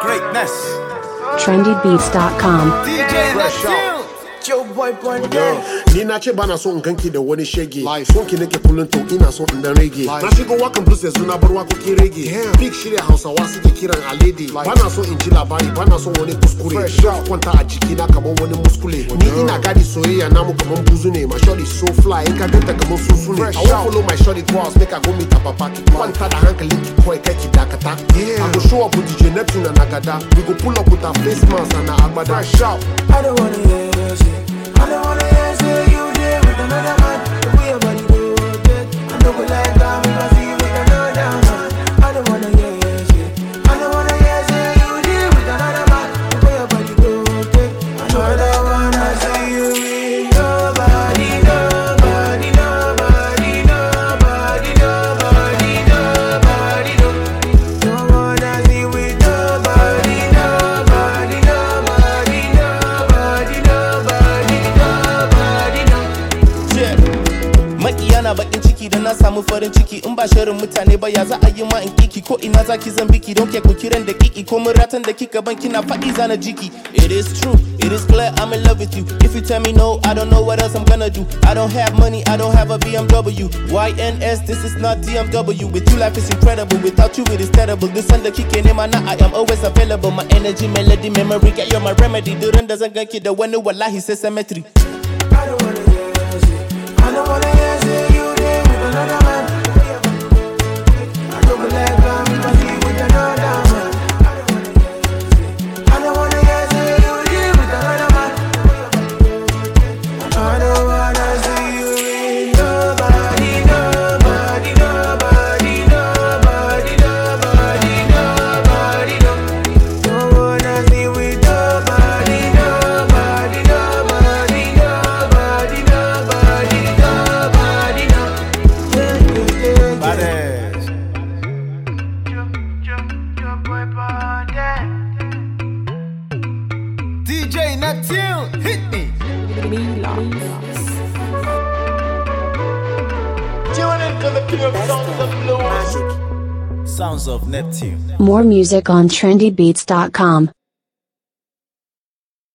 Greatness. Trendybeats.com. DJ Fresh out. Ni na ce bana so in ganki da wani shege Son ki nake kullun to ina so in dan rage Na shigo wakan blues yanzu na bar wakokin rage Big shirya Hausawa suke kiran alede Bana so in ji bana so wani kuskure Kwanta a jiki na kaman wani muskule Ni ina gadi soyayya namu kaman buzu ne My shorty so fly in ka ganta kaman susu I follow my shorty draws make I go meet her papa Ki kwanta da hankalin ki kawai kai attack attack. Yeah. I go show up with DJ Neptune and Agada. We go pull up with our face mask and our agbada. Fresh out. I don't wanna hear you. I don't wanna hear you. na samu farin ciki in ba shirin mutane ba ya za a yi ma in kiki ko ina za ki zan biki don ke ku kiran da kiki ko mun ratan da kika ban kina faɗi zana jiki it is true it is clear I'm in love with you if you tell me no I don't know what else I'm gonna do I don't have money I don't have a BMW YNS this is not DMW with you life is incredible without you it is terrible this da kike nema na I am always available my energy melody memory get you my remedy durin da zan ganki da wani wallahi sai cemetery that tune. Hit me. Me Tune into the pure sounds of Sounds of Neptune. More music on trendybeats.com.